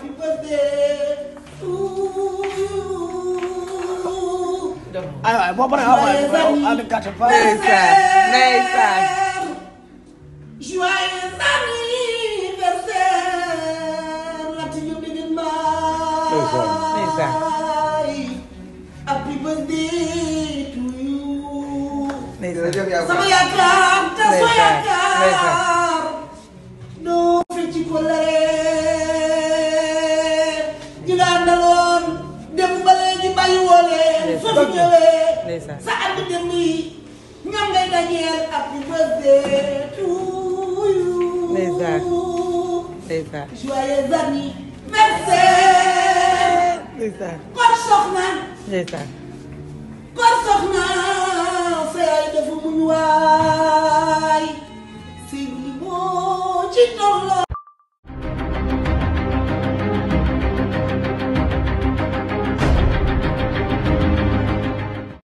happy birthday to you. aywa boo paree awa awa awa gàttal fa. ndeysaan ndeysaan. joyeux anniversaire Latir Diop di Demba. ndeysaan ndeysaan. happy birthday to you. ndeysaan sama yaakaar te soo yaakaar. ko jëlee sa àddina mi ñoom ngay dajeel ak bu bësee tuuyu ndeysaan ndeysaan joyeux ami merci ndeysaan kor soxna ndeysaan kor soxna sa yaay dafa muñ waay si li moo ci tolloo